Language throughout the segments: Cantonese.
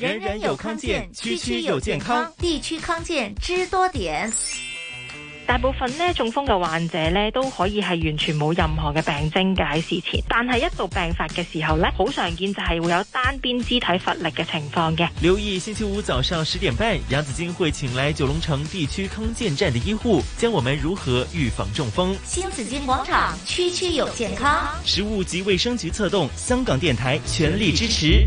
人人有康健，區區有健康，區區有健康，地區康健知多點。大部分呢中風嘅患者呢都可以係完全冇任何嘅病徵，解喺事前，但係一到病發嘅時候呢，好常見就係會有單邊肢體乏力嘅情況嘅。留意星期五早上十點半，楊子矜會請來九龍城地區康健站的醫護，教我們如何預防中風。新紫荊廣場區區有健康，食物及衛生局策動，香港電台全力支持。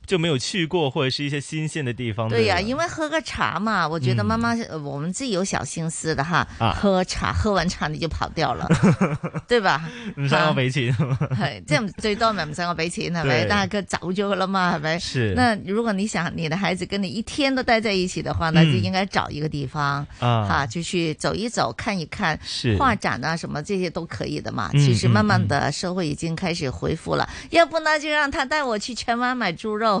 就沒有去過或者是一些新鮮的地方。對呀、啊，因為喝個茶嘛，我覺得媽媽、嗯，我們自己有小心思的哈。啊，喝茶喝完茶你就跑掉了， 對吧？唔使我俾錢，對這係最多咪唔使我俾錢係咪？但係佢嘛，是。那如果你想你的孩子跟你一天都待在一起的話呢，那就應該找一個地方啊、嗯，就去走一走看一看，是、啊、畫展啊什麼這些都可以的嘛。其實慢慢的社會已經開始恢復了，嗯嗯嗯、要不呢就讓他帶我去荃灣買豬肉。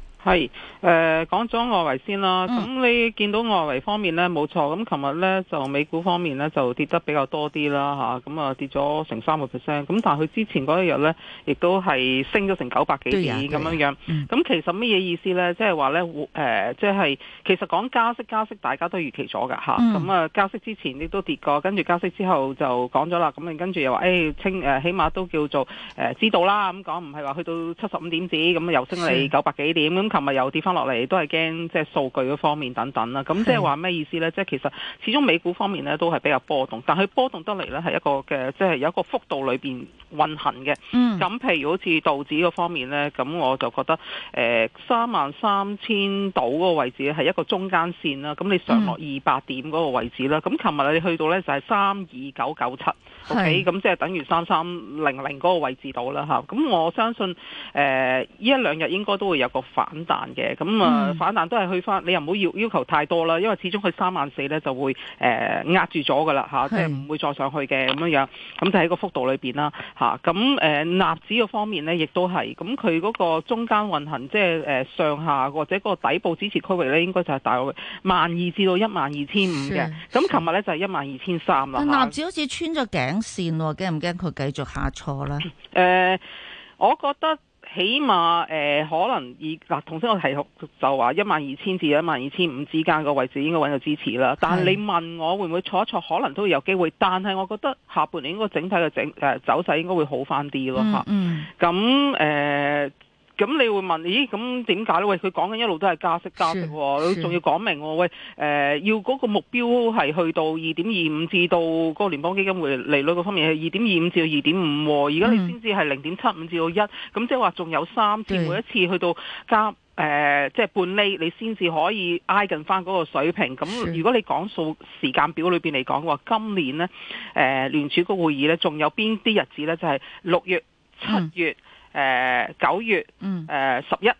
係，誒講咗外圍先啦，咁你見到外圍方面咧冇、嗯、錯，咁琴日咧就美股方面咧就跌得比較多啲啦吓，咁啊，啊跌咗成三個 percent，咁但係佢之前嗰一日咧亦都係升咗成九百幾點咁樣咁、嗯、其實乜嘢意思咧？即係話咧誒，即、呃、係、就是、其實講加息加息大家都預期咗㗎吓咁啊，嗯、啊加息之前亦都跌過，跟住加息之後就講咗啦，咁你跟住又話誒、哎、清、呃、起碼都叫做誒、呃、知道啦咁、嗯、講，唔係話去到七十五點子，咁又升你九百幾點咁。琴日又跌翻落嚟，都係驚即係數據嗰方面等等啦。咁即係話咩意思呢？即係其實始終美股方面呢都係比較波動，但係波動得嚟呢係一個嘅即係有一個幅度裏邊運行嘅。咁譬如好似道指嗰方面呢，咁我就覺得誒三萬三千度嗰個位置係一個中間線啦。咁你上落二百點嗰個位置啦。咁琴日你去到呢就係三二九九七，OK，咁即係等於三三零零嗰個位置度啦嚇。咁我相信誒依、呃、一兩日應該都會有個反彈嘅咁啊，反彈都係去返，你又唔好要要，要求太多啦，因為始終佢三萬四咧就會誒壓、呃、住咗噶啦吓，即係唔會再上去嘅咁樣樣，咁就喺個幅度裏邊啦吓。咁、啊、誒，納、嗯呃、指嘅方面咧，亦都係，咁佢嗰個中間運行即係誒、呃、上下或者個底部支持區域咧，應該就係大約萬二至到一萬二千五嘅。咁琴日咧就係一萬二千三啦。納指好似穿咗頸線、哦，驚唔驚佢繼續下挫咧？誒、呃，我覺得。起碼誒、呃、可能以嗱、啊，頭先我提就話一萬二千至一萬二千五之間個位置應該揾到支持啦。但係你問我會唔會坐一坐，可能都會有機會。但係我覺得下半年應該整體嘅整、呃、走勢應該會好翻啲咯，吓，咁誒。嗯嗯啊。咁你會問，咦？咁點解呢？喂，佢講緊一路都係加息加息喎、哦，仲要講明喎、哦。喂，呃、要嗰個目標係去到二點二五至到嗰個聯邦基金會利率嗰方面係二點二五至到二點五。而家你先至係零點七五至到一，咁即係話仲有三次，每一次去到加誒，即、呃、係、就是、半厘，你先至可以挨近翻嗰個水平。咁如果你講數時間表裏面嚟講嘅話，今年呢誒、呃、聯儲局會議呢，仲有邊啲日子呢？就係、是、六月、七月。誒、呃，九月，誒十一、十、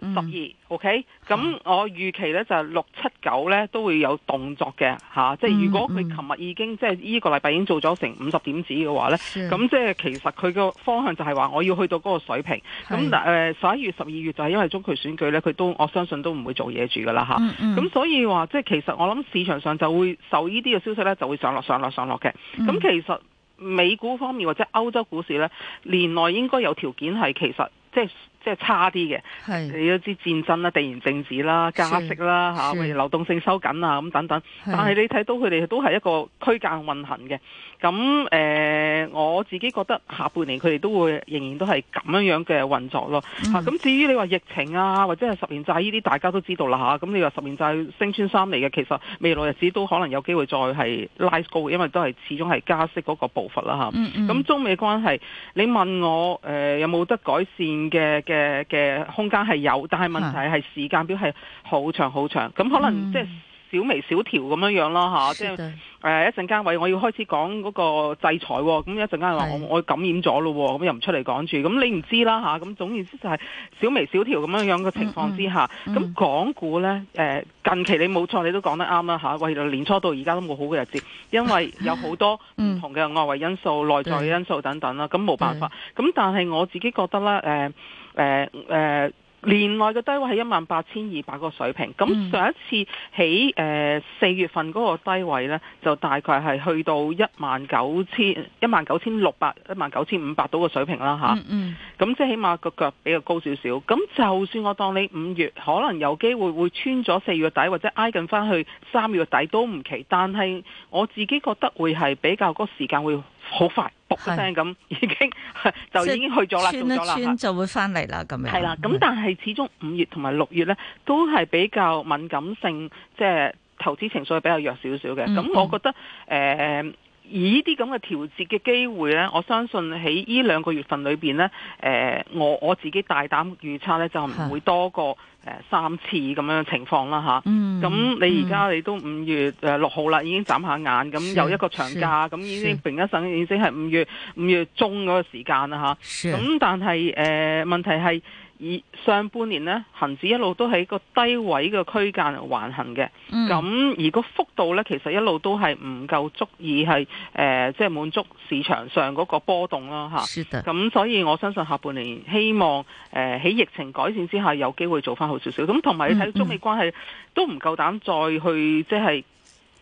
呃、二、嗯、，OK，咁我預期咧就六七九咧都會有動作嘅吓，啊就是嗯嗯，即係如果佢琴日已經即係呢個禮拜已經做咗成五十點子嘅話咧，咁即係其實佢個方向就係話我要去到嗰個水平，咁誒十一月、十二月就係因為中期選舉咧，佢都我相信都唔會做嘢住噶啦吓，咁、啊嗯嗯、所以話即係其實我諗市場上就會受呢啲嘅消息咧，就會上落上落上落嘅，咁、嗯、其實。美股方面或者歐洲股市咧，年內應該有條件係其實即係，就是即係差啲嘅，你都知戰爭啦、地緣政治啦、加息啦嚇，或者、啊、流動性收緊啊咁等等。但係你睇到佢哋都係一個區間運行嘅。咁誒、呃，我自己覺得下半年佢哋都會仍然都係咁樣樣嘅運作咯。咁、嗯啊、至於你話疫情啊，或者係十年債呢啲，大家都知道啦嚇。咁、啊、你話十年債升穿三厘嘅，其實未來日子都可能有機會再係拉高，因為都係始終係加息嗰個步伐啦嚇。咁、啊嗯嗯、中美關係，你問我誒、呃、有冇得改善嘅嘅？嘅嘅空間係有，但係問題係時間表係好長好長，咁、嗯、可能即係小微小調咁樣樣咯吓，即係誒一陣間喂，啊、我要開始講嗰個制裁喎，咁一陣間話我我感染咗咯喎，咁又唔出嚟講住，咁你唔知啦吓。咁、啊、總而言之就係小微小調咁樣樣嘅情況之下，咁、嗯嗯、港股呢，近期你冇錯，你都講得啱啦吓，喂、啊，為年初到而家都冇好嘅日子，因為有好多唔同嘅外圍因素、嗯、內在嘅因素等等啦，咁冇辦法，咁但係我自己覺得啦、啊誒、呃、誒、呃，年內嘅低位係一萬八千二百個水平，咁上一次起誒四、呃、月份嗰個低位呢，就大概係去到一萬九千一萬九千六百一萬九千五百度嘅水平啦吓，咁、嗯嗯、即係起碼個腳比較高少少。咁就算我當你五月可能有機會會穿咗四月底或者挨近翻去三月底都唔奇，但係我自己覺得會係比較嗰、嗰個時間會。好快，卜一聲咁，已經 就已經去咗啦，走咗啦。穿一穿就會翻嚟啦，咁樣。係啦，咁但係始終五月同埋六月咧，都係比較敏感性，即係投資情緒比較弱少少嘅。咁，嗯，我覺得誒。以這這呢啲咁嘅調節嘅機會咧，我相信喺呢兩個月份裏邊呢，誒、呃，我我自己大膽預測呢，就唔會多過誒、呃、三次咁樣嘅情況啦吓，咁、啊嗯、你而家你都五月誒六號啦，已經眨下眼，咁有一個長假，咁已經另一陣已經係五月五月中嗰個時間啦吓，咁、啊、但係誒、呃、問題係。以上半年呢，恒指一路都喺個低位嘅區間嚟橫行嘅。咁、嗯、而個幅度呢，其實一路都係唔夠足以，以係誒即係滿足市場上嗰個波動啦。吓，咁、啊、所以我相信下半年希望誒喺、呃、疫情改善之下，有機會做翻好少少。咁同埋睇中美關係、嗯、都唔夠膽再去即係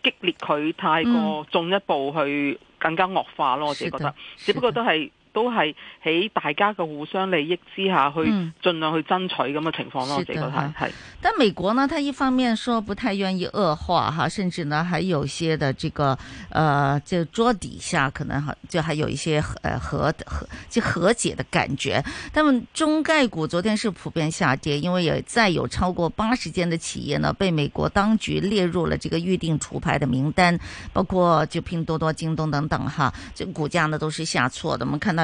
激烈佢、嗯、太過進一步去更加惡化咯。我自己覺得，只不過都係。都係喺大家嘅互相利益之下去，盡量去爭取咁嘅情況咯。我自己覺得係、嗯、係、啊、但美國呢，他一方面說不太願意惡化哈，甚至呢，還有些的這個呃，就桌底下可能就還有一些和和和就和解的感覺，但中概股昨天是普遍下跌，因為有再有超過八十間的企業呢，被美國當局列入了這個預定除牌的名單，包括就拼多多、京東等等哈，個股價呢都是下挫的。我們看到。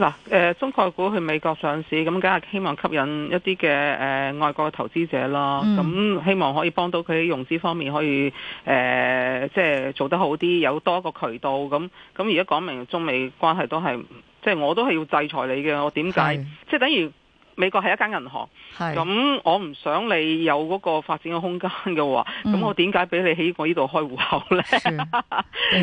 嗱，誒中概股去美國上市，咁梗係希望吸引一啲嘅誒外國投資者啦。咁、嗯、希望可以幫到佢喺融資方面可以誒、呃，即係做得好啲，有多個渠道。咁咁而家講明中美關係都係，即係我都係要制裁你嘅。我點解？即係等於。美國係一間銀行，咁我唔想你有嗰個發展嘅空間嘅喎，咁、嗯、我點解俾你喺我戶呢度開戶口咧？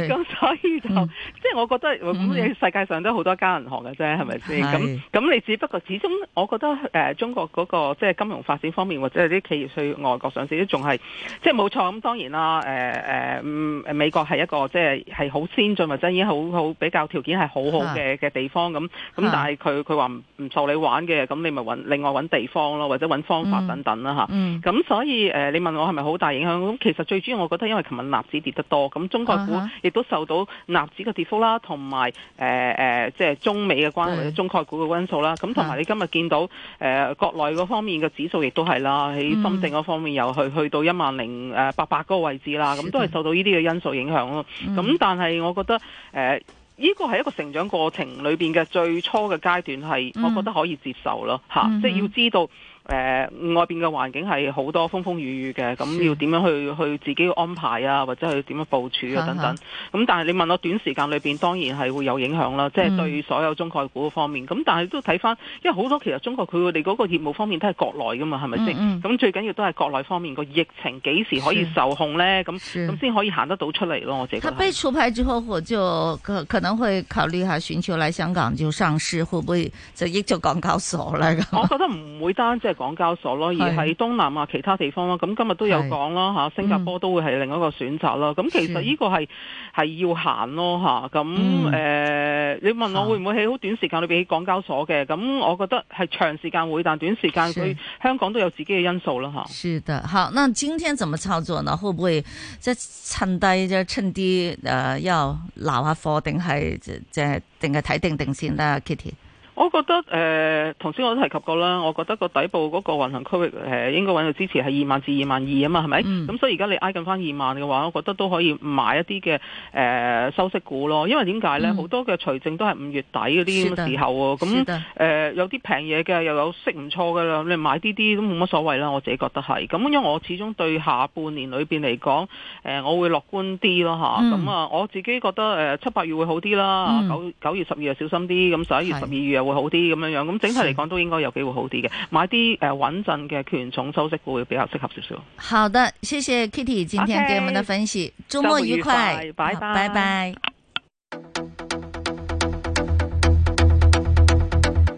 咁 所以就、嗯、即係我覺得、嗯，世界上都好多間銀行嘅啫，係咪先？咁咁你只不過始終，我覺得、呃、中國嗰、嗰個即係金融發展方面，或者啲企業去外國上市都仲係即係冇錯。咁當然啦，呃呃、美國係一個即係好先進或者已經好好比較條件係好好嘅嘅地方咁。咁但係佢佢話唔唔受玩你玩嘅，咁你咪。找另外揾地方咯，或者揾方法等等啦吓，咁、嗯嗯、所以誒、呃，你問我係咪好大影響？咁其實最主要我覺得因為琴日納指跌得多，咁中概股亦都受到納指嘅跌幅啦，同埋誒誒，即、呃、係、呃就是、中美嘅關係、中概股嘅因素啦。咁同埋你今日見到誒、呃、國內嗰方面嘅指數亦都係啦，喺深圳嗰方面又去去到一萬零誒八百個位置啦。咁都係受到呢啲嘅因素影響咯。咁、嗯、但係我覺得誒，呃呢個係一個成長過程裏邊嘅最初嘅階段，係我覺得可以接受咯，吓，即係要知道。誒、呃、外邊嘅環境係好多風風雨雨嘅，咁、嗯、要點樣去去自己安排啊，或者去點樣部署啊等等。咁、嗯嗯、但係你問我短時間裏邊，當然係會有影響啦，即、嗯、係、就是、對所有中概股嘅方面。咁、嗯嗯、但係都睇翻，因為好多其實中國佢哋嗰個業務方面都係國內㗎嘛，係咪先？咁、嗯嗯嗯、最緊要都係國內方面個疫情幾時可以受控咧？咁咁先可以行得到出嚟咯。我自己覺得。佢被除牌之後我就可能會考慮下，尋求嚟香港就上市，會唔會就益咗港交所咧？我覺得唔會單即係。港交所咯，而喺東南亞其他地方咯，咁今日都有講啦嚇，新加坡都會係另一個選擇啦。咁、嗯、其實呢個係係要行咯嚇，咁、嗯、誒、嗯呃、你問我會唔會喺好短時間裏邊喺港交所嘅？咁、啊、我覺得係長時間會，但短時間佢香港都有自己嘅因素啦吓，是的，好，那今天怎麼操作呢？會不會即係趁低即趁啲誒、呃、要留下貨，定係即係定係睇定定先啦，Kitty。我覺得誒，頭、呃、先我都提及過啦，我覺得個底部嗰個運行區域誒、呃，應該揾到支持係二萬至二萬二啊嘛，係咪？咁、嗯、所以而家你挨近翻二萬嘅話，我覺得都可以買一啲嘅誒收息股咯。因為點解咧？好、嗯、多嘅財政都係五月底嗰啲時候喎，咁誒、呃、有啲平嘢嘅又有息唔錯嘅啦，你買啲啲都冇乜所謂啦。我自己覺得係。咁因為我始終對下半年裏面嚟講，誒、呃、我會樂觀啲咯嚇。咁、嗯、啊，嗯、我自己覺得誒七八月會好啲啦，九、嗯、九月、十月小心啲，咁十一月、十二月會好啲咁樣樣，咁整體嚟講都應該有機會好啲嘅，買啲誒、呃、穩陣嘅權重收息股會比較適合少少。好的，謝謝 Kitty 今天畀我們的分析，okay, 周末愉快，拜拜。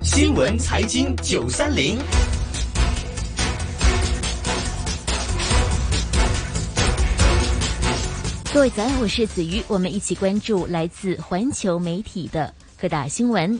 新聞財經九三零，各位早晨，我是梓瑜，我們一起關注來自環球媒體的各大新聞。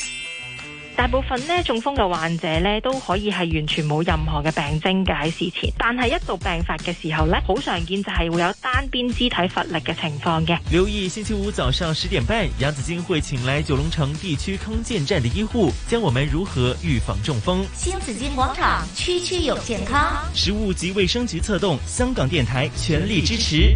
大部分咧，中風嘅患者咧，都可以係完全冇任何嘅病徵嘅喺事前，但係一到病發嘅時候咧，好常見就係會有單邊肢體乏力嘅情況嘅。留意星期五早上十點半，楊子矜會請來九龍城地區康健站的醫護，教我們如何預防中風。新紫荊廣場區區有，區有健康，食物及衛生局策動，香港電台全力支持。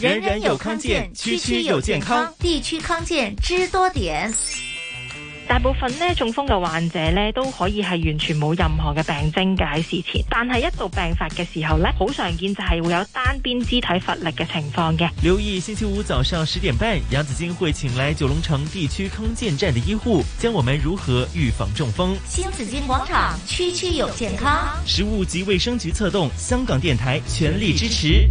人人有康健，區區有健康，區區健康地區康健知多點。大部分呢中風嘅患者呢都可以係完全冇任何嘅病徵嘅喺事前，但係一到病發嘅時候咧，好常見就係會有單邊肢體乏力嘅情況嘅。留意星期五早上十點半，楊子矜會請來九龍城地區康健站的醫護，教我們如何預防中風。新紫荊廣場區區有健康，食物及衛生局策動，香港電台全力支持。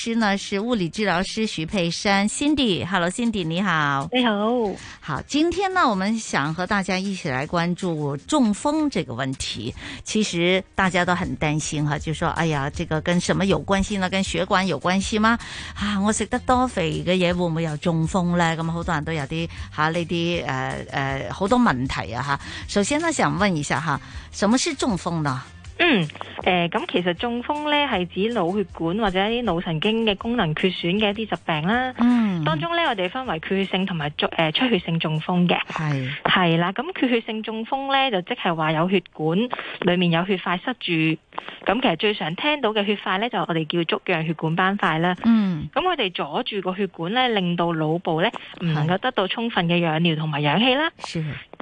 師呢是物理治療師徐珮珊，Cindy，Hello，Cindy 你好，你好，好，今天呢我們想和大家一起來關注中風這個問題。其實大家都很擔心哈，就說哎呀，這個跟什麼有關係呢？跟血管有關係嗎？啊，我食得多肥嘅嘢會唔會有中風呢？咁好多人都有啲吓呢啲誒誒好多問題啊哈，首先呢，想問一下哈，什麼是中風呢？嗯，誒、呃，咁其實中風咧係指腦血管或者啲腦神經嘅功能缺損嘅一啲疾病啦。嗯，當中咧我哋分為缺血，血性同埋誒出血性中風嘅。係係啦，咁缺血，血性中風咧就即係話有血管裏面有血塊塞住，咁其實最常聽到嘅血塊咧就我哋叫粥樣血管斑塊啦。嗯，咁佢哋阻住個血管咧，令到腦部咧唔能夠得到充分嘅養料同埋氧氣啦。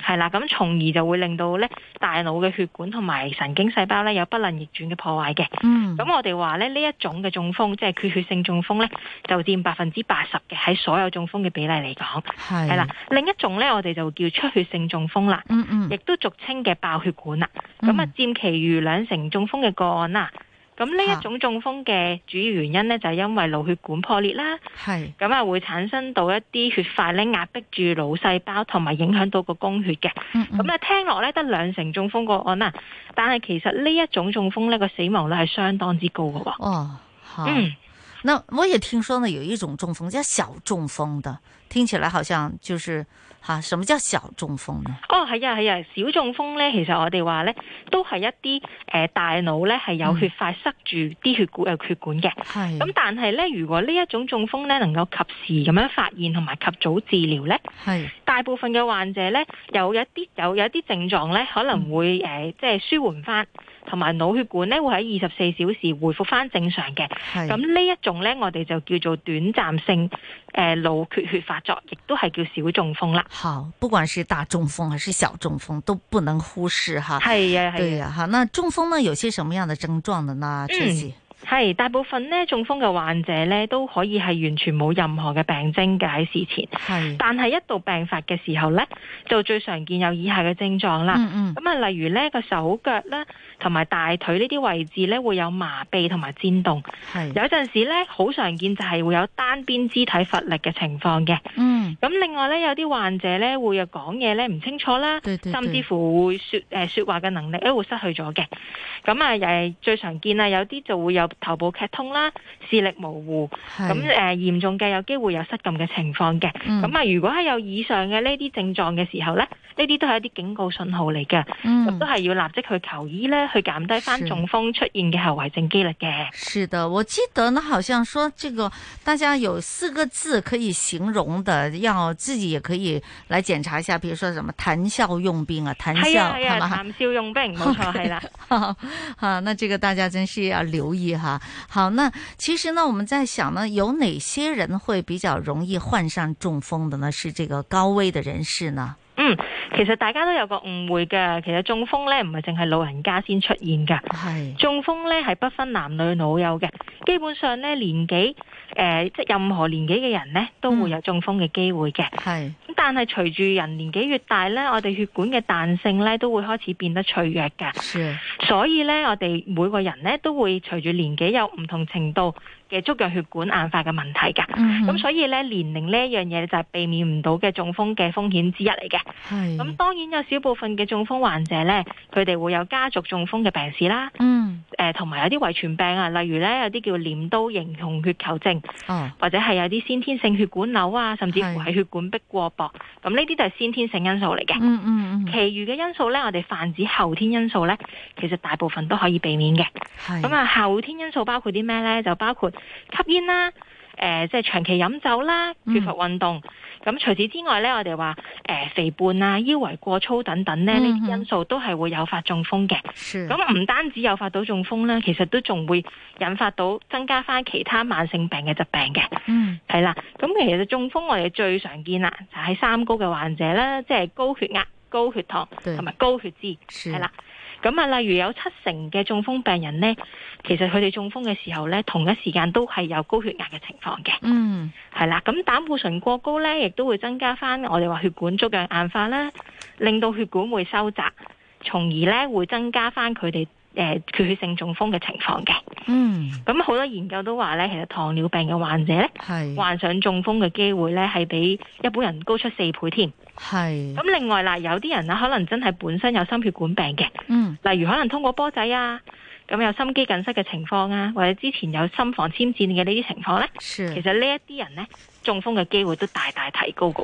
係啦，咁從而就會令到咧大腦嘅血管同埋神經細胞咧有不能逆轉嘅破壞嘅。嗯，咁我哋話咧呢一種嘅中風，即係缺血性中風咧，就佔百分之八十嘅喺所有中風嘅比例嚟講。係啦，另一種咧我哋就叫出血性中風啦。嗯嗯，亦都俗稱嘅爆血管啦。咁啊，佔其餘兩成中風嘅個案啦。咁呢一種中風嘅主要原因呢，就係因為腦血管破裂啦。係咁啊，會產生到一啲血塊咧，壓迫住腦細胞，同埋影響到個供血嘅。咁、嗯、啊、嗯、聽落咧得兩成中風個案啊，但係其實呢一種中風咧個死亡率係相當之高嘅。哦，好。嗯，那我也聽說呢有一種中風叫小中風的，聽起來好像就是……吓，什麼叫小中風呢？哦，係啊，係啊，小中風呢，其實我哋話呢，都係一啲誒、呃、大腦呢，係有血塊塞住啲血管誒血管嘅。係、嗯。咁但係呢，如果呢一種中風呢，能夠及時咁樣發現同埋及早治療呢，係大部分嘅患者呢，有一啲有有一啲症狀呢，可能會誒即係舒緩翻。嗯同埋腦血管咧會喺二十四小時恢復翻正常嘅，咁呢一種咧我哋就叫做短暫性誒、呃、腦缺血，血發作，亦都係叫小中風啦。好，不管是大中風還是小中風都不能忽視哈。係啊，係啊，好、啊。那中風呢有些什麼樣的症狀呢？啊、嗯，確實，係大部分咧中風嘅患者咧都可以係完全冇任何嘅病徵嘅喺事前，係，但係一到病發嘅時候咧就最常見有以下嘅症狀啦。咁、嗯、啊，嗯、例如咧個手腳咧。腳呢同埋大腿呢啲位置咧，會有麻痹同埋顫動，有陣時咧，好常見就係會有單邊肢體乏力嘅情況嘅。嗯。咁另外咧，有啲患者咧會有講嘢咧唔清楚啦，甚至乎會說誒說話嘅能力咧會失去咗嘅。咁啊，誒最常見啊，有啲就會有頭部劇痛啦，視力模糊。咁誒、呃、嚴重嘅有機會有失禁嘅情況嘅。咁、嗯、啊，如果係有以上嘅呢啲症狀嘅時候咧，呢啲都係一啲警告信號嚟嘅。咁、嗯、都係要立即去求醫咧。去減低翻中風出現嘅後遺症幾率嘅。是的，我記得呢，好像說這個大家有四個字可以形容的，要自己也可以來檢查一下，比如說什麼談笑用兵啊，談笑，係啊係啊，談笑用兵，冇錯係啦、okay 啊。好，那這個大家真是要留意哈。好，那其實呢，我們在想呢，有哪些人會比較容易患上中風的呢？是這個高危的人士呢？嗯，其實大家都有個誤會嘅。其實中風咧唔係淨係老人家先出現噶，係中風咧係不分男女老幼嘅。基本上咧年紀，誒、呃、即任何年紀嘅人咧都會有中風嘅機會嘅。係、嗯、咁但係隨住人年紀越大咧，我哋血管嘅彈性咧都會開始變得脆弱嘅。所以咧我哋每個人咧都會隨住年紀有唔同程度嘅足腳血管硬化嘅問題㗎，咁、mm-hmm. 所以咧年齡呢一樣嘢就係避免唔到嘅中風嘅風險之一嚟嘅。咁當然有少部分嘅中風患者咧，佢哋會有家族中風嘅病史啦。嗯、mm-hmm. 呃，同埋有啲遺傳病啊，例如咧有啲叫鐮刀型紅血球症，oh. 或者係有啲先天性血管瘤啊，甚至乎係血管壁過薄。咁呢啲都係先天性因素嚟嘅。嗯、mm-hmm. 嗯，其餘嘅因素咧，我哋泛指後天因素咧，其實大部分都可以避免嘅。咁啊、嗯，後天因素包括啲咩咧？就包括吸煙啦，誒、呃，即係長期飲酒啦，缺乏運動，咁、嗯、除此之外咧，我哋話誒肥胖啊、腰圍過粗等等咧，呢、嗯、啲因素都係會誘發中風嘅。咁唔單止誘發到中風啦，其實都仲會引發到增加翻其他慢性病嘅疾病嘅。係、嗯、啦，咁其實中風我哋最常見啦，就喺、是、三高嘅患者啦，即、就、係、是、高血壓、高血糖同埋高血脂係啦。咁啊，例如有七成嘅中風病人呢，其實佢哋中風嘅時候呢，同一時間都係有高血壓嘅情況嘅。嗯，係啦，咁膽固醇過高呢，亦都會增加翻我哋話血管粥樣硬化啦，令到血管會收窄，從而呢會增加翻佢哋。誒、呃，缺血性中風嘅情況嘅，嗯，咁好多研究都話咧，其實糖尿病嘅患者咧，係患上中風嘅機會咧，係比一般人高出四倍添，係。咁另外嗱，有啲人咧，可能真係本身有心血管病嘅，嗯，例如可能通過波仔啊，咁有心肌梗塞嘅情況啊，或者之前有心房纖顫嘅呢啲情況咧，其實這些人呢，一啲人咧，中風嘅機會都大大提高噶。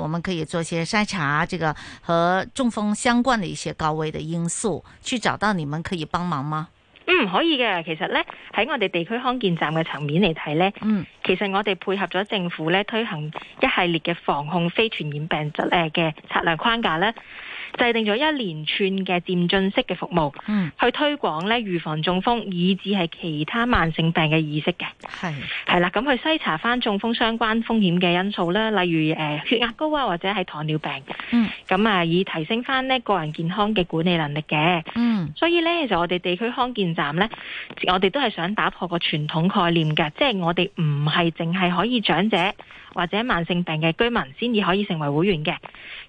我們可以做些篩查，這個和中風相關的一些高危的因素，去找到你們可以幫忙嗎？嗯，可以嘅。其實咧喺我哋地區康健站嘅層面嚟睇咧，嗯，其實我哋配合咗政府咧推行一系列嘅防控非傳染病疾誒嘅策略框架咧。制定咗一連串嘅漸進式嘅服務，嗯、去推廣咧預防中風，以至係其他慢性病嘅意識嘅。係係啦，咁去篩查翻中風相關風險嘅因素啦，例如誒、呃、血壓高啊，或者係糖尿病嘅。咁、嗯、啊，以提升翻咧個人健康嘅管理能力嘅。嗯，所以咧，其實我哋地區康健站咧，我哋都係想打破個傳統概念嘅，即、就、係、是、我哋唔係淨係可以長者或者慢性病嘅居民先至可以成為會員嘅。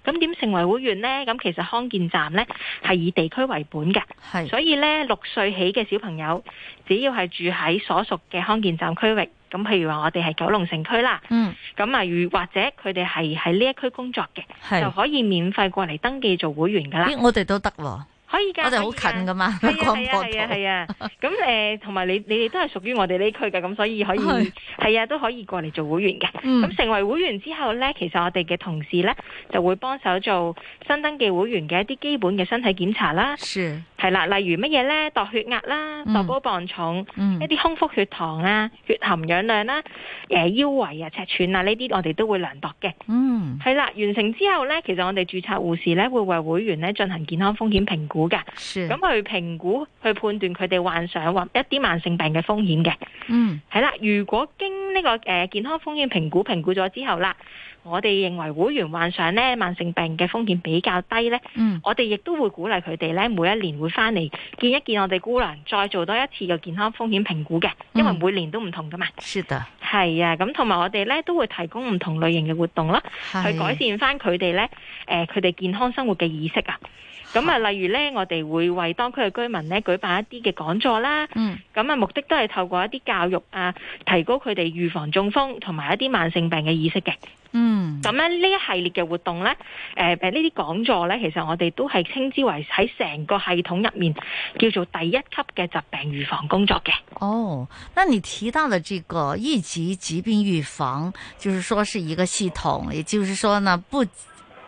咁點成為會員呢？咁其實康健站呢係以地區為本嘅，係，所以呢，六歲起嘅小朋友，只要係住喺所屬嘅康健站區域，咁譬如話我哋係九龍城區啦，嗯，咁啊如例如或者佢哋係喺呢一區工作嘅，就可以免費過嚟登記做會員㗎啦。我哋都得喎。可以噶，我哋好近噶嘛，過唔過堂？係啊，咁誒、啊，同埋、啊啊 嗯、你你哋都係屬於我哋呢區嘅，咁所以可以，係啊，都可以過嚟做會員嘅。咁、嗯、成為會員之後咧，其實我哋嘅同事咧就會幫手做新登記會員嘅一啲基本嘅身體檢查啦。是。係啦、啊，例如乜嘢呢？度血壓啦，度高磅重，嗯、一啲空腹血糖啊，血含氧量啦、啊，誒、呃、腰圍啊，尺寸啊，呢啲我哋都會量度嘅。嗯。係啦、啊，完成之後咧，其實我哋註冊護士咧會為會員咧進行健康風險評估。估嘅，咁去評估去判斷佢哋患上或一啲慢性病嘅風險嘅。嗯，係啦，如果經呢、這個誒、呃、健康風險評估評估咗之後啦，我哋認為會員患上呢慢性病嘅風險比較低呢，嗯、我哋亦都會鼓勵佢哋呢每一年會翻嚟見一見我哋姑娘，再做多一次嘅健康風險評估嘅，因為每年都唔同噶嘛，嗯。是的，係啊，咁同埋我哋呢都會提供唔同類型嘅活動啦，去改善翻佢哋呢誒佢哋健康生活嘅意識啊。咁啊，例如咧，我哋會為當區嘅居民咧舉辦一啲嘅講座啦。嗯。咁啊，目的都係透過一啲教育啊，提高佢哋預防中風同埋一啲慢性病嘅意識嘅。嗯。咁咧呢一系列嘅活動咧，誒誒呢啲講座咧，其實我哋都係稱之為喺成個系統入面叫做第一級嘅疾病預防工作嘅。哦，那你提到嘅這個一級疾病預防，就是說是一個系統，也就是說呢不。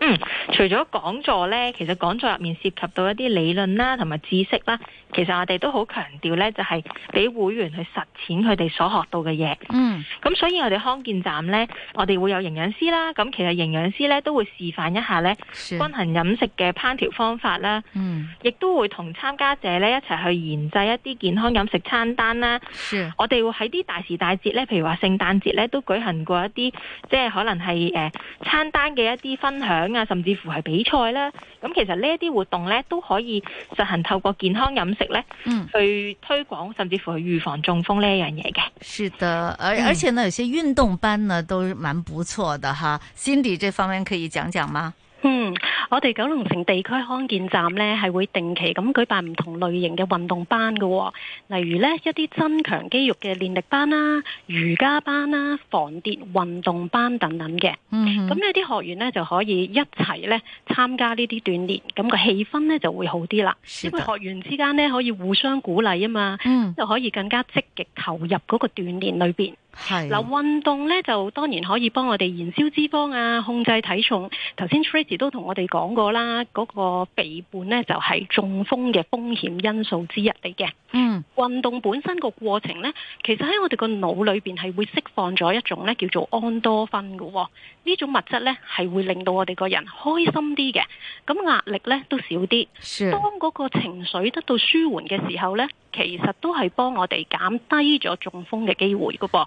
嗯，除咗講座呢，其實講座入面涉及到一啲理論啦，同埋知識啦，其實我哋都好強調呢，就係、是、俾會員去實踐佢哋所學到嘅嘢。嗯，咁所以我哋康健站呢，我哋會有營養師啦，咁其實營養師呢，都會示範一下呢均衡飲食嘅烹調方法啦。嗯，亦都會同參加者呢一齊去研製一啲健康飲食餐單啦。我哋會喺啲大時大節呢，譬如話聖誕節呢，都舉行過一啲即係可能係誒、呃、餐單嘅一啲分享。啊，甚至乎係比賽啦，咁其實呢一啲活動咧都可以實行透過健康飲食咧，嗯，去推廣甚至乎去預防中風呢一樣嘢嘅。是的，而、嗯、而且呢，有些運動班呢都蠻不錯的哈，心理這方面可以講講嗎？嗯，我哋九龍城地區康健站呢係會定期咁舉辦唔同類型嘅運動班喎、哦，例如呢一啲增強肌肉嘅練力班啦、啊、瑜伽班啦、啊、防跌運動班等等嘅。咁呢啲學員呢就可以一齊呢參加呢啲鍛煉，咁、嗰個氣氛呢就會好啲啦。因為學員之間呢可以互相鼓勵啊嘛、嗯，就可以更加積極投入嗰個鍛煉裏邊。係運動咧就當然可以幫我哋燃燒脂肪啊，控制體重。頭先 Tracey 都同我哋講過啦，嗰個肥胖咧就係中風嘅風險因素之一嚟嘅。嗯，運動本身個過程咧，其實喺我哋個腦裏邊係會釋放咗一種咧叫做安多芬嘅。哦，呢種物質咧係會令到我哋個人開心啲嘅，咁壓力咧都少啲。當嗰個情緒得到舒緩嘅時候咧，其實都係幫我哋減低咗中風嘅機會噶噃。哦。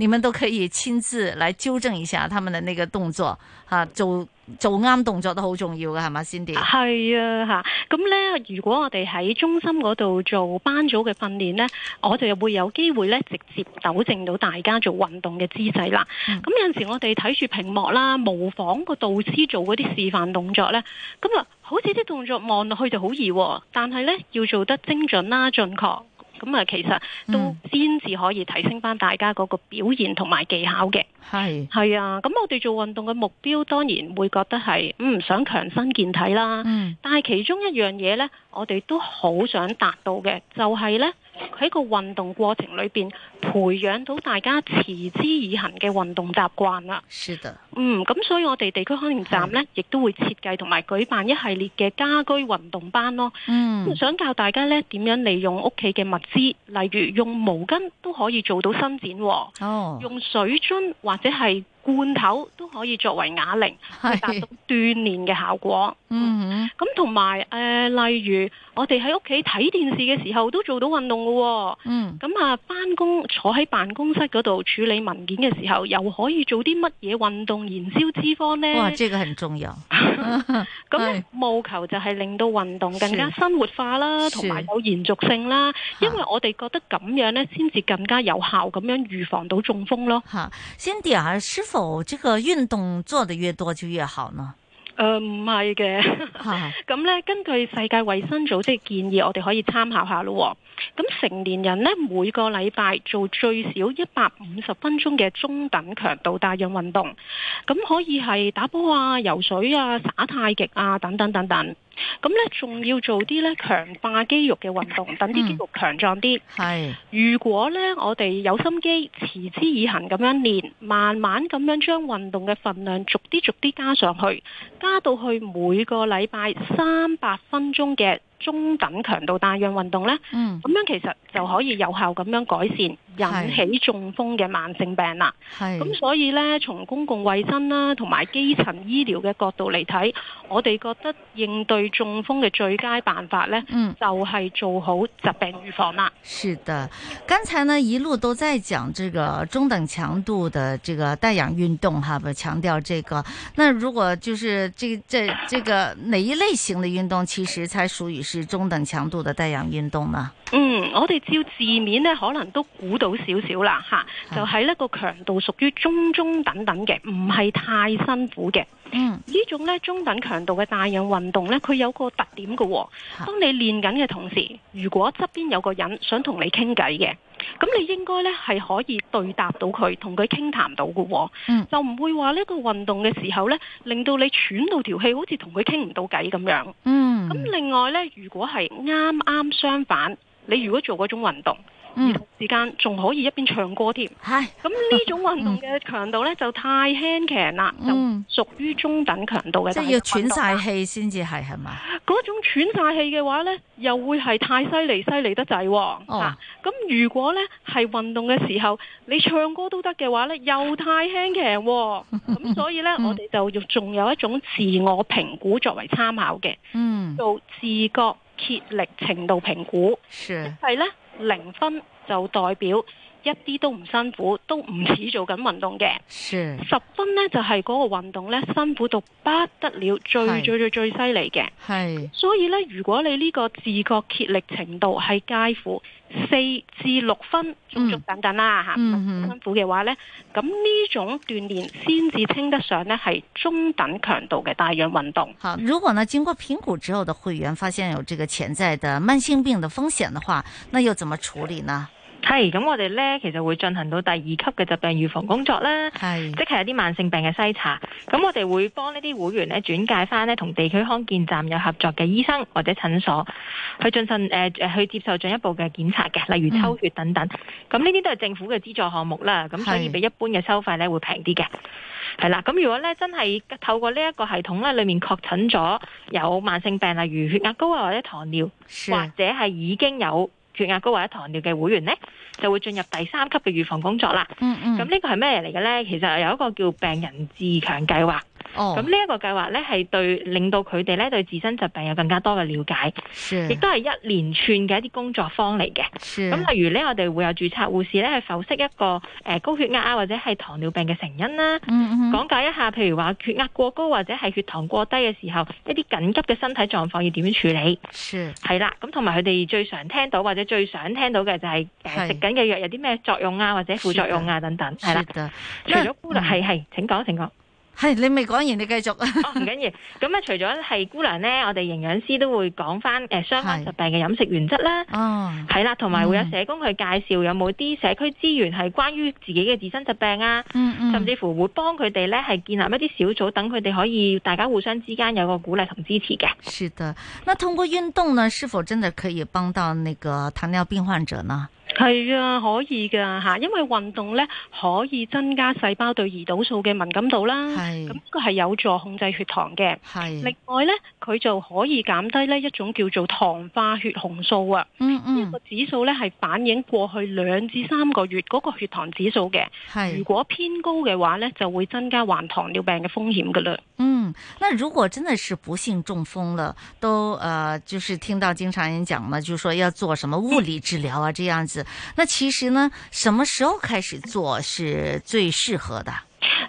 你們都可以親自來糾正一下他們的那個動作，吓、啊、做做啱動作都好重要嘅，係咪先？啲係啊，吓咁呢。如果我哋喺中心嗰度做班組嘅訓練呢，我就又會有機會呢，直接糾正到大家做運動嘅姿勢啦。咁有陣時我哋睇住屏幕啦，模仿個導師做嗰啲示範動作呢，咁啊，好似啲動作望落去就好易、哦，但係呢，要做得精準啦、準確。咁、嗯、啊，其實都先至可以提升翻大家嗰個表現同埋技巧嘅。係，係啊，咁我哋做運動嘅目標當然會覺得係，唔、嗯、想強身健體啦。嗯、但係其中一樣嘢呢，我哋都好想達到嘅，就係、是、呢。喺個運動過程裏邊培養到大家持之以恆嘅運動習慣啦。是的。嗯，咁所以我哋地區康健站呢，亦都會設計同埋舉辦一系列嘅家居運動班咯。嗯。想教大家呢，點樣利用屋企嘅物資，例如用毛巾都可以做到伸展。哦、oh。用水樽或者係。罐頭都可以作為啞鈴，係達到鍛鍊嘅效果。嗯，咁同埋誒，例如我哋喺屋企睇電視嘅時候都做到運動嘅喎、哦。嗯，咁啊，返工坐喺辦公室嗰度處理文件嘅時候，又可以做啲乜嘢運動燃燒脂肪呢？哇，這個很重要。咁 咧、 嗯，務求就係令到運動更加生活化啦，同埋有延續性啦。因為我哋覺得咁樣呢，先至更加有效咁樣預防到中風咯。先下否，這個運動做得越多就越好呢？誒、嗯，唔係嘅，咁 呢根據世界衛生組織嘅建議，我哋可以參考下咯。咁成年人呢，每個禮拜做最少一百五十分鐘嘅中等強度帶氧運動，咁可以係打波啊、游水啊、耍太極啊等等等等。咁咧仲要做啲咧強化肌肉嘅運動，等啲肌肉強壯啲、嗯。係，如果咧我哋有心機，持之以恒咁樣練，慢慢咁樣將運動嘅份量逐啲逐啲加上去，加到去每個禮拜三百分鐘嘅中等強度帶氧運動呢，嗯、咁樣其實就可以有效咁樣改善引起中風嘅慢性病啦。咁所以呢，從公共衛生啦同埋基層醫療嘅角度嚟睇，我哋覺得應對中風嘅最佳辦法呢，嗯、就係、是、做好疾病預防啦。是的，剛才呢一路都在講這個中等強度的這個帶氧運動，哈，不強調這個。那如果就是這這這個哪一類型的運動其實才屬於。是中等強度嘅帶氧運動呢，嗯，我哋照字面咧，可能都估到少少啦吓，就喺、是、呢個強度屬於中中等等嘅，唔係太辛苦嘅。嗯、oh.，呢種咧中等強度嘅帶氧運動咧，佢有個特點嘅、哦，當你練緊嘅同時，如果側邊有個人想同你傾偈嘅。咁你應該呢係可以對答到佢，同佢傾談到嘅、哦嗯，就唔會話呢個運動嘅時候呢，令到你喘到條氣，好似同佢傾唔到偈咁樣。咁、嗯、另外呢，如果係啱啱相反，你如果做嗰種運動。嗯、同時間仲可以一邊唱歌添，咁呢種運動嘅強度呢、嗯，就太輕強啦，就屬於中等強度嘅，即係要喘晒氣先至係，係嘛？嗰種喘晒氣嘅話呢，又會係太犀利，犀利得滯。喎、啊。咁如果呢係運動嘅時候，你唱歌都得嘅話呢，又太輕強。咁 所以呢，嗯、我哋就仲有一種自我評估作為參考嘅，嗯，做自覺竭力程度評估，係咧。就是呢零分就代表一啲都唔辛苦，都唔似做緊運動嘅。十分呢，就係、是、嗰個運動呢，辛苦到不得了，最最最最犀利嘅。所以呢，如果你呢個自覺竭力程度係介乎。四至六分，足足等等啦吓，嗯，辛苦嘅話咧，咁呢種鍛煉先至稱得上咧係中等強度嘅帶氧運動。好，如果呢經過評估之後的會員發現有這個潛在的慢性病的風險的話，那又怎麼處理呢？係，咁我哋咧，其實會進行到第二級嘅疾病預防工作啦。係，即係有啲慢性病嘅篩查。咁我哋會幫呢啲會員咧，轉介翻咧，同地區康健站有合作嘅醫生或者診所去進行誒、呃、去接受進一步嘅檢查嘅，例如抽血等等。咁呢啲都係政府嘅資助項目啦。咁所以比一般嘅收費咧會平啲嘅。係啦，咁如果咧真係透過呢一個系統咧，裏面確診咗有慢性病，例如血壓高啊或者糖尿，或者係已經有。血壓高或者糖尿嘅會員呢，就會進入第三級嘅預防工作啦。咁、嗯嗯、呢個係咩嚟嘅咧？其實有一個叫病人自強計劃。咁呢一個計劃咧，係對令到佢哋咧對自身疾病有更加多嘅了解，亦都係一連串嘅一啲工作坊嚟嘅。咁例如咧，我哋會有注冊護士咧，去剖析一個誒高血壓啊，或者係糖尿病嘅成因啦。嗯，講解一下，譬如話血壓過高或者係血糖過低嘅時候，一啲緊急嘅身體狀況要點樣處理？是係啦，咁同埋佢哋最常聽到或者最想聽到嘅就係誒食緊嘅藥有啲咩作用啊，或者副作用啊等等。係啦、嗯，除咗姑娘，係係，請講，請講。係你未講完，你繼續。 哦、呃。哦，唔緊要。咁啊，除咗係姑娘咧，我哋營養師都會講翻誒相關疾病嘅飲食原則啦。哦，係啦，同埋會有社工去介紹有冇啲社區資源係關於自己嘅自身疾病啊。嗯嗯。甚至乎會幫佢哋咧係建立一啲小組，等佢哋可以大家互相之間有個鼓勵同支持嘅。是的，那通過運動呢，是否真的可以幫到那個糖尿病患者呢？係啊，可以噶吓，因為運動咧可以增加細胞對胰島素嘅敏感度啦。係，咁、呢個係有助控制血糖嘅。係，另外咧佢就可以減低一種叫做糖化血紅素啊。嗯嗯，呢、呢個指數咧係反映過去兩至三個月嗰個血糖指數嘅。係，如果偏高嘅話咧就會增加患糖尿病嘅風險噶啦。嗯，嗱，如果真的是不幸中風了，都誒、呃，就是聽到經常人講嘛，就是、說要做什麼物理治療啊，嗯、這樣子。那其實呢，什麼時候開始做是最適合的？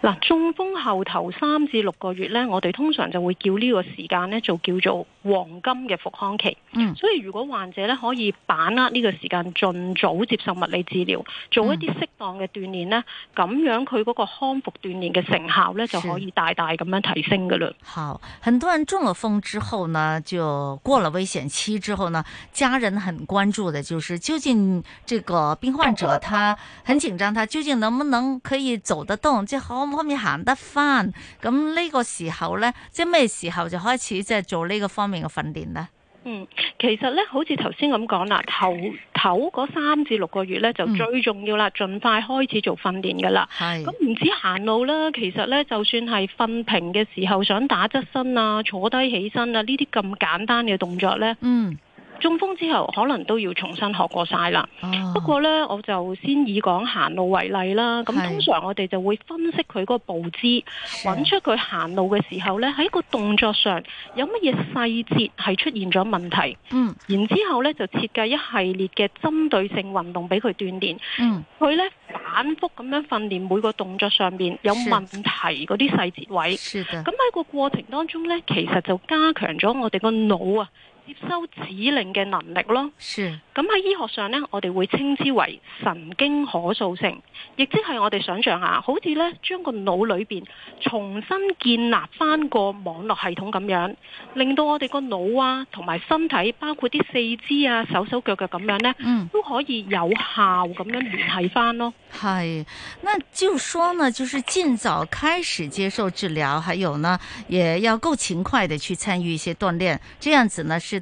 嗱，中風後頭三至六個月呢，我哋通常就會叫呢個時間呢，就叫做黃金嘅復康期，嗯，所以如果患者咧可以把握呢個時間，盡早接受物理治療，做一啲適當嘅鍛煉呢，咁樣佢嗰個康復鍛煉嘅成效咧就可以大大咁樣提升噶啦。好，很多人中咗風之後呢，就過了危險期之後呢，家人很關注嘅就是究竟這個病患者，他很緊張，他究竟能不能可以走得動，即係可唔可以行得返？咁呢個時候咧，即係咩時候就開始即係做呢個方面嘅訓練呢，嗯，其實呢，好似頭先咁講啦，頭頭嗰三至六個月呢，就最重要啦，嗯、盡快開始做訓練噶啦，係，咁唔止行路啦，其實呢，就算係瞓平嘅時候想打側身啊，坐低起身啊，呢啲咁簡單嘅動作呢。嗯。中風之後，可能都要重新學過晒啦。Oh. 不過呢，我就先以講行路為例啦。咁通常我哋就會分析佢嗰個步姿，揾出佢行路嘅時候呢，喺個動作上有乜嘢細節係出現咗問題。嗯、mm.。然之後呢，就設計一系列嘅針對性運動俾佢鍛鍊。嗯、mm.。佢呢，反覆咁樣訓練每個動作上面有問題嗰啲細節位。是的。咁喺個過程當中呢，其實就加強咗我哋個腦啊，接收指令嘅能力咯，係，咁喺醫學上咧，我哋會稱之為神經可塑性，亦即係我哋想象下，好似咧，將個腦裏邊重新建立翻個網絡系統咁樣，令到我哋個腦啊，同埋身體包括啲四肢啊、手手腳腳咁樣咧，都可以有效咁樣聯繫翻咯。係、嗯，那就說呢，就是盡早開始接受治療，還有呢，也要夠勤快地去參與一些鍛煉，這樣子呢是。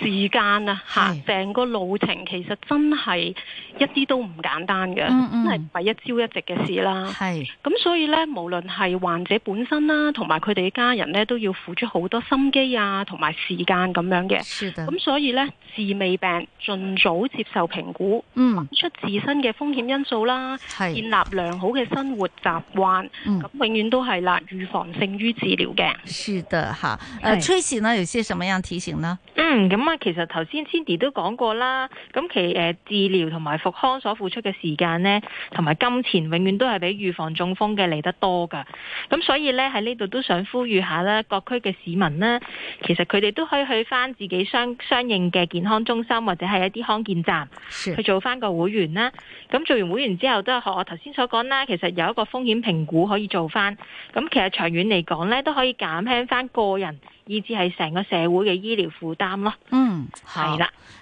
時間啊，吓，成個路程，其實真係一啲都唔簡單嘅，真係唔係一朝一夕嘅事啦。係咁，所以咧，無論係患者本身啦、啊，同埋佢哋嘅家人咧，都要付出好多心機啊，同埋時間咁樣嘅。咁所以咧，治未病，盡早接受評估，嗯，出自身嘅風險因素啦，建立良好嘅生活習慣，咁永遠都係啦，預防勝於治療嘅。是的，吓，誒，徐氏呢，有些什麼樣提醒呢？嗯，咁啊，其實頭先 Cindy 都講過啦，咁其誒治療同埋復康所付出嘅時間呢，同埋金錢，永遠都係比預防中風嘅嚟得多㗎。咁所以呢，喺呢度都想呼籲下啦，各區嘅市民呢，其實佢哋都可以去返自己相相應嘅健康中心或者係一啲康健站去做返個會員啦。咁做完會員之後都係學我頭先所講啦，其實有一個風險評估可以做返。咁其實長遠嚟講呢，都可以減輕返個人，以至係成個社會嘅醫療負擔咯，嗯，係啦。是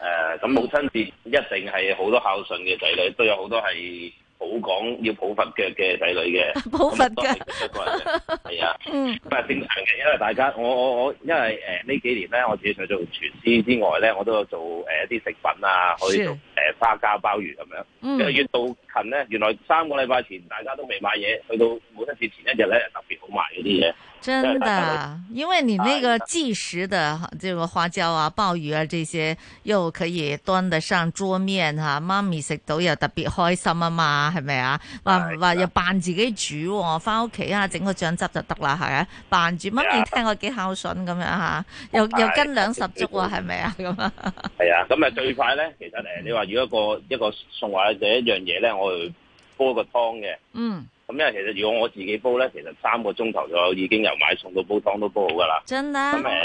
誒、啊、咁母親節一定係好多孝順嘅仔女，都有好多係好講要抱佛腳嘅仔女嘅抱佛腳，係 啊，咁係正常嘅，因為大家我我我因為誒呢、呃、幾年咧，我自己除咗做廚師之外咧，我都有做、呃、一啲食品啊，可以做誒、呃、花膠鮑魚咁樣。因為越到近咧，原來三個禮拜前大家都未買嘢，去到母親節前一日咧特別好賣嗰啲嘢。嗯真的，因為你那個即食的，這個花椒啊、鮑魚啊這些，又可以端得上桌面，啊媽咪食到又特別開心啊嘛，係咪啊？話話、啊、又扮自己煮，翻屋企啊，整個醬汁就得啦，係啊，扮住媽咪聽我幾孝順咁樣吓，又又斤兩十足，係咪啊？咁啊，係 啊，咁啊最快咧，其實誒，你話如果一個一個送外賣一樣嘢咧，我會煲個湯嘅，嗯。咁、嗯、啊，因為其實如果我自己煲咧，其實三個鐘頭左右已經由買餸到煲湯都煲好㗎喇。真啦。咁、嗯、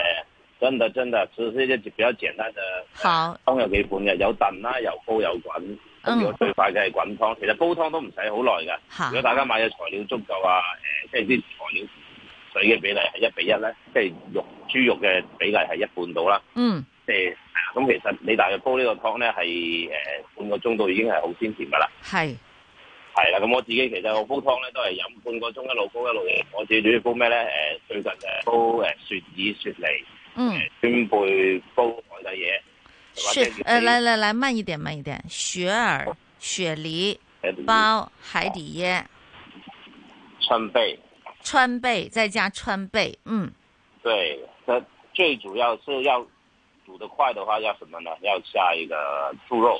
真嘅真嘅，做啲一比較簡單嘅湯有幾半嘅，有燉啦，有煲有滾。嗯。咁如果最快嘅係滾湯，其實煲湯都唔使好耐㗎。如果大家買嘅材料足夠啊、呃，即係啲材料水嘅比例係一比一咧，即係肉豬肉嘅比例係一半到啦。嗯。即、呃、係，咁、嗯、其實你大概煲呢個湯咧，係、呃、半個鐘度已經係好鮮甜㗎喇。係。係喇，咁我自己其實我煲湯咧都係飲半個鐘，一路煲一路我自己主要煲咩咧？誒，最近誒，煲誒，雪耳、雪梨，嗯，川貝煲海底椰。雪、嗯、誒，嚟嚟嚟，慢一點慢一點，雪耳雪梨，煲海底椰，嗯、川貝川貝再加川貝，嗯。對，咁最主要是要煮得快的話，要什麼呢？要下一個豬肉。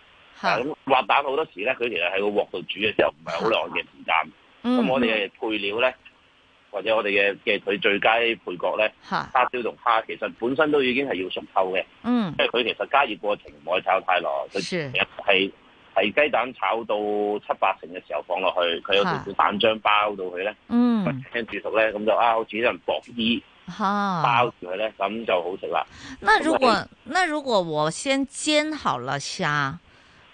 咁、嗯、滑蛋好多時咧，佢其實喺個鑊度煮嘅時候唔係好耐嘅時間。咁我哋嘅配料咧、嗯，或者我哋嘅嘅佢最佳配角咧，叉燒同蝦其實本身都已經係要熟透嘅。嗯，因為佢其實加熱過程唔可以炒太耐，佢係係雞蛋炒到七八成嘅時候放落去，佢有少少蛋漿包到佢咧，嗯，跟住熟咧，咁就啊好似啲人薄啲包住佢咧，咁就好食啦、啊。那如果那如果我先煎好了蝦？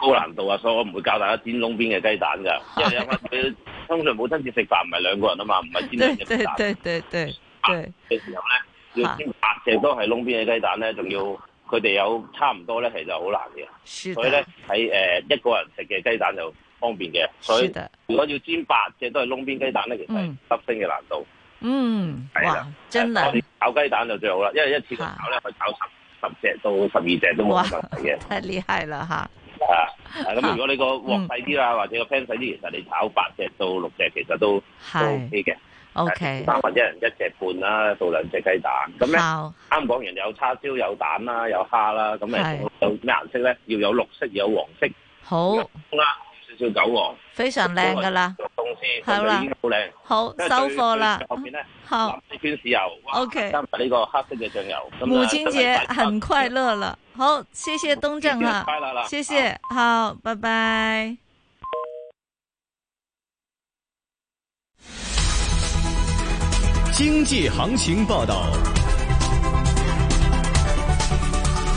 高難度啊，所以我唔會教大家煎燶邊嘅雞蛋噶， 因為有我哋通常冇親切食飯，唔係兩個人啊嘛，唔係煎兩隻雞蛋嘅、 啊、時候咧，要煎八隻都係燶邊嘅雞蛋咧，仲、啊、要佢哋有差唔多咧，其實好難嘅。所以咧喺誒一個人食嘅雞蛋就方便嘅，所以如果要煎八隻都係燶邊雞蛋咧、嗯，其實係提升嘅難度。嗯，係啊，真係我哋炒雞蛋就最好啦，因為一次過炒咧，去炒十十隻到十二隻都冇問題嘅。哇，太厲害啦吓！啊，咁、啊啊啊啊、如果你個鑊細啲啦，或者個 pan 細啲，其實你炒八隻到六隻，其實都都的 OK 嘅、啊。O K，三或者一人一隻半啦，到兩隻雞蛋。咁咧啱講完有叉燒有蛋啦，有蝦啦。咁誒有咩顏色咧？要有綠色，要有黃色，好啦。非常靚噶啦，好啦，好收貨啦，好 OK 呢、啊 okay、加埋個黑色嘅醬油。母親節很快樂了，樂謝謝好，謝謝東正吓，謝謝，謝，謝、啊，好，拜拜。經濟行情報道，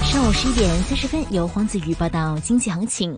上午十一點三十分，由黃梓瑜報道經濟行情。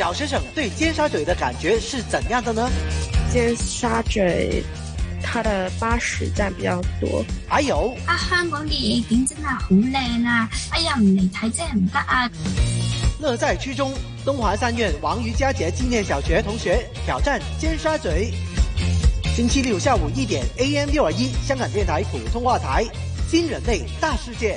小學生對尖沙咀的感覺是怎樣的呢？尖沙咀，它的巴士站比較多，還有。啊，香港嘅夜景真係好靚啊！哎呀，唔嚟睇真係唔得啊！樂在區中東華三院王瑜佳杰紀念小學同學挑戰尖沙咀，星期六下午一點 AM 六二一香港電台普通話台，新人類大世界。.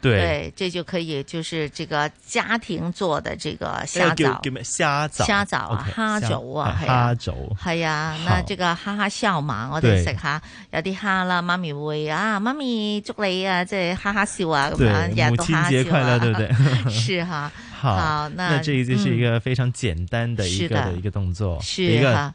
對，對，這就可以就是這個家庭做的這個蝦棗，蝦棗，蝦棗，蝦軸啊，蝦軸，哎、okay, 嗯、啊，哈哈啊，啊，那這個哈哈笑嘛，我哋食下，有啲蝦啦，媽咪會啊，媽咪祝你啊，即係哈哈笑啊，咁樣，日日都哈哈笑啦， 對不對？是哈、啊，好，啊嗯、那這已經是一個非常簡單的一個的一個動作，是，是個。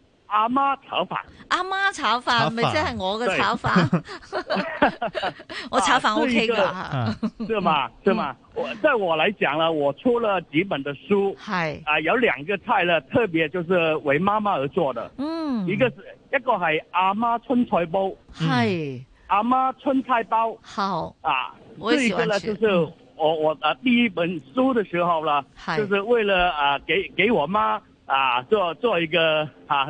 阿、啊、媽炒飯，阿、啊、媽炒飯咪即係我嘅炒飯，我炒飯， 我炒飯 O K 嘅，對嘛對嘛，我在我來講呢，我出了幾本嘅書，係、嗯、啊有兩個菜呢特別就是為媽媽而做的，嗯，一個是一個係阿媽春菜煲，係阿媽春菜煲，好啊，第二個呢就是我我啊第一本書嘅時候呢、嗯、就是為了啊給給我媽啊做做一個啊。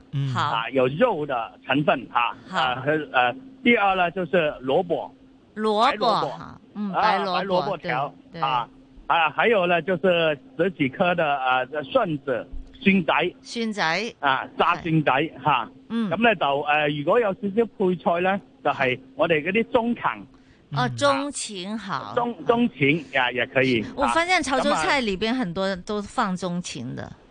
好、嗯啊、有肉的成分哈啊和、啊、第二呢就是蘿蔔，蘿蔔，蘿蔔嗯，白蘿蔔、啊、白蘿蔔條啊，啊，還有呢就是十幾顆的誒蒜、啊、子，蒜仔，蒜仔，啊，炸蒜仔哈、哎啊，嗯，咁呢就誒、呃，如果有少少配菜呢就係、是、我哋嗰啲中芹，啊中芹好，中中芹也、啊啊、也可以、啊。我發現潮州菜裏邊很多都放中芹的。啊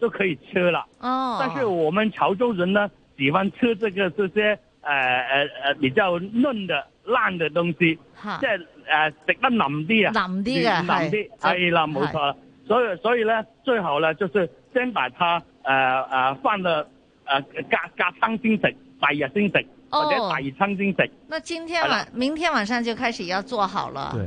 就可以吃了哦，但是我們潮州人呢、哦、喜歡吃這個這些呃呃呃比較嫩的爛的東西，即係誒食得腍啲啊，腍啲嘅，係啦，冇、嗯、錯啦、嗯。所以所以呢最好呢就是先把它呃放呃放了誒隔隔餐先食，第二餐先食、哦，或者第二餐先食、哦。那今天晚，明天晚上就開始要做好了。對。